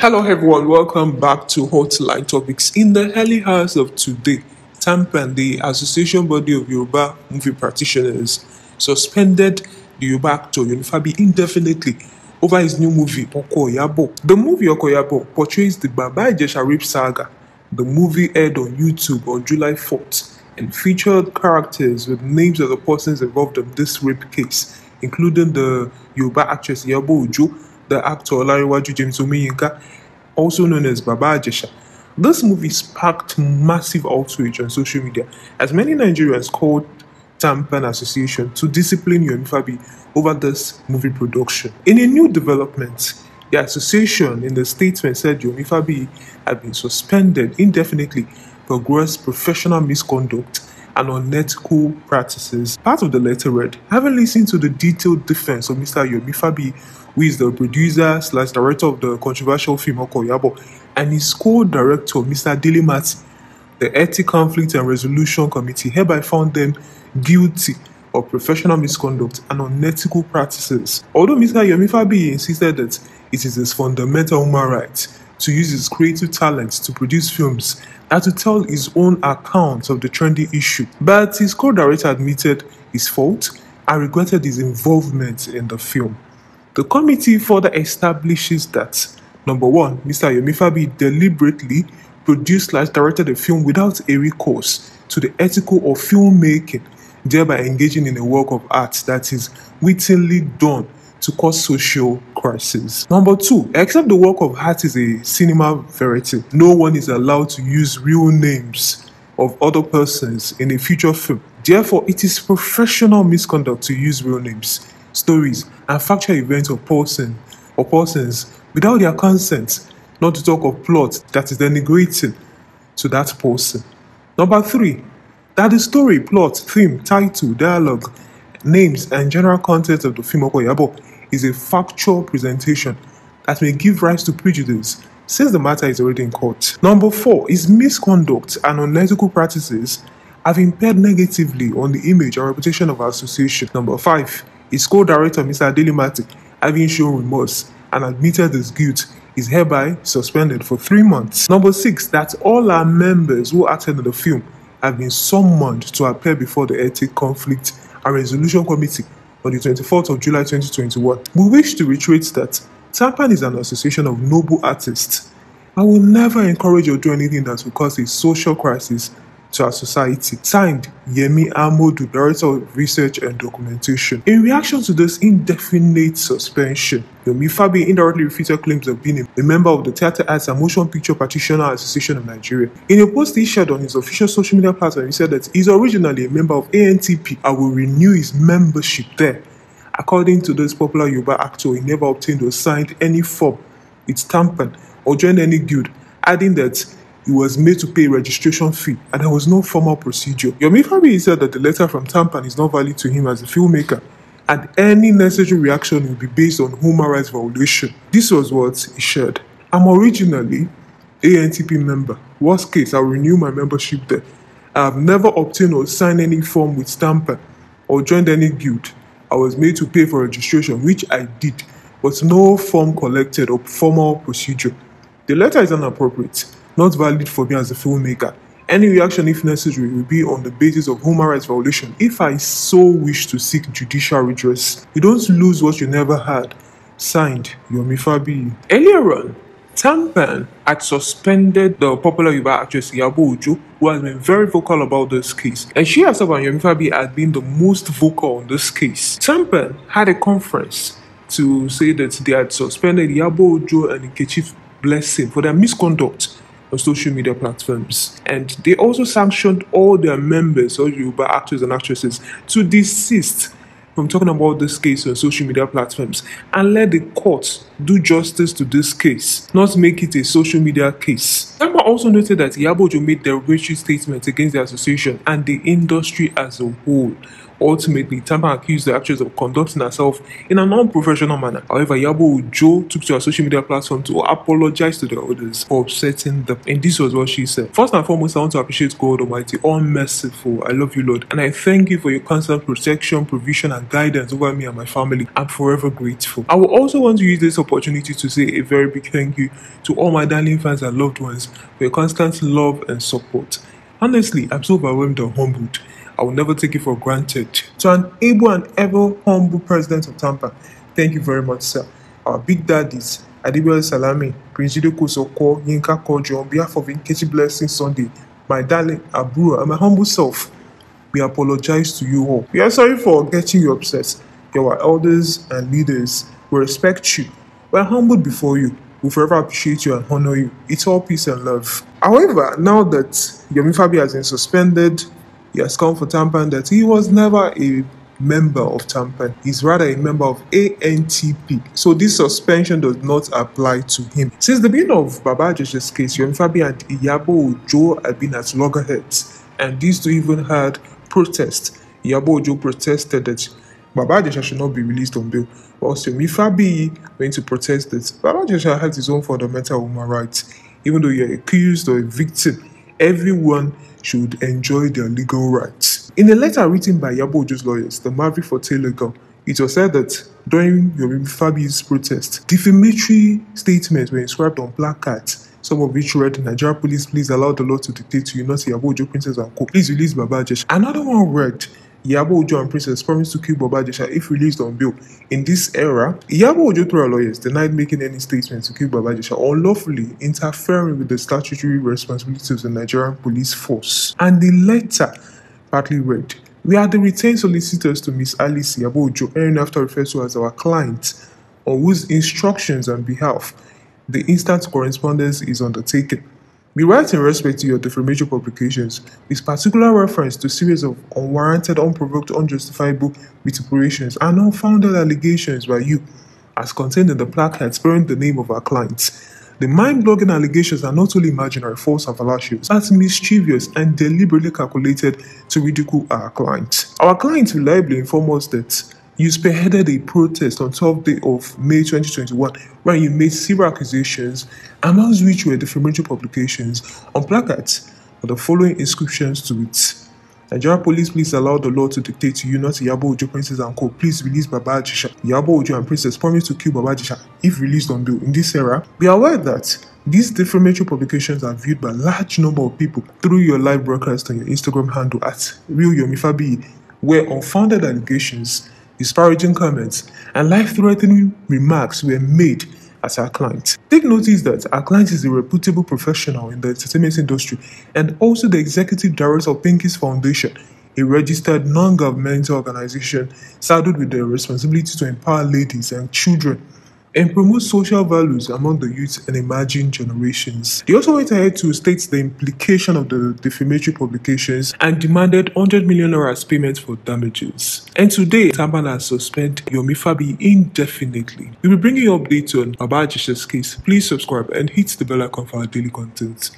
Hello, everyone. Welcome back to Hotline Topics. In the early hours of today, TAMPAN, the Association Body of Yoruba Movie Practitioners, suspended the Yoruba actor Yonifabi indefinitely over his new movie Okoyabo. The movie Okoyabo portrays the Baba Ijesha Rip saga. The movie aired on YouTube on July 4th and featured characters with names of the persons involved in this rape case, including the Yoruba actress Yabo Uju the actor Olariwaju James Omiyinka, also known as Baba Ajesha. This movie sparked massive outrage on social media as many Nigerians called Tampan Association to discipline Yonifabi over this movie production. In a new development, the association in the statement said Yonifabi had been suspended indefinitely for gross professional misconduct and unethical practices. Part of the letter read, having listened to the detailed defense of Mr. Yomi Fabi, who is the producer slash director of the controversial film Okoyabo, and his co-director Mr. Dilimati, the Ethic Conflict and Resolution Committee hereby found them guilty of professional misconduct and unethical practices. Although Mr. Yomi Fabi insisted that it is his fundamental human rights to use his creative talents to produce films and to tell his own account of the trendy issue. But his co director admitted his fault and regretted his involvement in the film. The committee further establishes that number one, Mr. Yomifabi deliberately produced slash directed a film without a recourse to the ethical of filmmaking, thereby engaging in a work of art that is wittingly done to cause social crises. Number two, except the work of art is a cinema verity, no one is allowed to use real names of other persons in a future film. Therefore, it is professional misconduct to use real names, stories, and factual events of person or persons without their consent, not to talk of plot that is denigrating to that person. Number three, that the story, plot, theme, title, dialogue, names, and general content of the film Okoyabo is a factual presentation that may give rise to prejudice since the matter is already in court. Number four is misconduct and unethical practices have impaired negatively on the image and reputation of our association. Number five is co-director Mr. Adelimati having shown remorse and admitted his guilt is hereby suspended for three months. Number six, that all our members who attended the film have been summoned to appear before the Ethic Conflict and Resolution Committee on the 24th of July 2021. We wish to reiterate that TAPAN is an association of noble artists. I will never encourage or do anything that will cause a social crisis to our society. Signed, Yemi Amodu, Director of Research and Documentation. In reaction to this indefinite suspension, Yomi Fabi indirectly refuted claims of being a member of the Theatre Arts and Motion Picture Practitioner Association of Nigeria. In a post he shared on his official social media platform, he said that he's originally a member of ANTP and will renew his membership there. According to this popular Yoruba actor, he never obtained or signed any form, it's tampered, or joined any guild, adding that he was made to pay a registration fee and there was no formal procedure. Yomi said that the letter from Tampan is not valid to him as a filmmaker and any necessary reaction will be based on human rights violation. This was what he shared. I'm originally ANTP member. Worst case, I'll renew my membership there. I've never obtained or signed any form with Stamper or joined any guild. I was made to pay for registration, which I did, but no form collected or formal procedure. The letter is inappropriate not valid for me as a filmmaker. Any reaction, if necessary, will be on the basis of human rights violation if I so wish to seek judicial redress. You don't lose what you never had. Signed, Yomi Fabi. Earlier on, Tampan had suspended the popular Yuba actress Yabo Uju, who has been very vocal about this case, and she herself and Yomi Fabi had been the most vocal on this case. Tampan had a conference to say that they had suspended Yabo Uju and Chief Blessing for their misconduct social media platforms. And they also sanctioned all their members, all Yoruba actors and actresses, to desist from talking about this case on social media platforms and let the courts do justice to this case, not make it a social media case. Samba also noted that Yabojo made derogatory statements against the association and the industry as a whole. Ultimately, Tamba accused the actress of conducting herself in a non-professional manner. However, Yabo took to her social media platform to apologize to the others for upsetting them. And this was what she said. First and foremost, I want to appreciate God Almighty, all merciful. I love you, Lord. And I thank you for your constant protection, provision, and guidance over me and my family. I'm forever grateful. I will also want to use this opportunity to say a very big thank you to all my darling fans and loved ones for your constant love and support. Honestly, I'm so overwhelmed and humbled. I will never take it for granted. To an able and ever humble president of Tampa, thank you very much, sir. Our big daddies, Adibel Salami, Prince Jideko Soko, Yinka Kojo, on behalf of Inkechi Blessing Sunday, my darling Abu, and my humble self, we apologize to you all. We are sorry for getting you upset. You are our elders and leaders. We respect you we're humbled before you. We'll forever appreciate you and honor you. It's all peace and love. However, now that Yomi Fabi has been suspended, he has come for Tampan that he was never a member of Tampan. He's rather a member of ANTP. So this suspension does not apply to him. Since the beginning of Baba Ajaj's case, Yomi Fabi and Iyabo Ojo have been at loggerheads. And these two even had protests. Iyabo Ojo protested that Baba Jesha should not be released on bail. Also, Mifabi went to protest that Baba Jesha has his own fundamental human rights. Even though you're accused or a victim, everyone should enjoy their legal rights. In a letter written by Yabojo's lawyers, the Maverick for Telegram, it was said that during Yomi Fabi's protest, defamatory statements were inscribed on placards, some of which read, Nigeria police, please allow the law to dictate to you, not Yabojo, Princess and Co. Please release Baba Jesh. Another one read, Iyabo Ojo and Princess promised to kill Baba if released on bail. In this era, Iyabo Ojo through her lawyers denied making any statements to kill Baba Jesha or lawfully interfering with the statutory responsibilities of the Nigerian police force. And the letter partly read, We are the retained solicitors to Miss Alice Iyabo Ojo, after referred to as our client, on whose instructions and behalf the instant correspondence is undertaken. We write in respect to your defamation publications with particular reference to series of unwarranted, unprovoked, unjustifiable vituperations and unfounded allegations by you as contained in the placards bearing the name of our clients. The mind-blogging allegations are not only imaginary, false, and fallacious, but mischievous and deliberately calculated to ridicule our clients. Our clients reliably inform us that you spearheaded a protest on 12th day of May 2021 where you made several accusations, amongst which were defamatory publications, on placards with the following inscriptions to it. Nigeria police, please allow the law to dictate to you, not to Yabo Ojo, Princess and Co. Please release Baba Ajisha. Yabo Ojo and Princess promise to kill Baba Ajisha if released on bail. In this era, be aware that these defamatory publications are viewed by a large number of people through your live broadcast on your Instagram handle at RealYomifabi, where unfounded allegations disparaging comments, and life threatening remarks were made at our client. Take notice that our client is a reputable professional in the entertainment industry and also the executive director of Pinky's Foundation, a registered non governmental organization saddled with the responsibility to empower ladies and children and promote social values among the youth and emerging generations. They also went ahead to state the implication of the defamatory publications and demanded 100 million naira payment for damages. And today, has suspended Yomi Fabi indefinitely. We'll be bringing you updates on Baba case. Please subscribe and hit the bell icon for our daily content.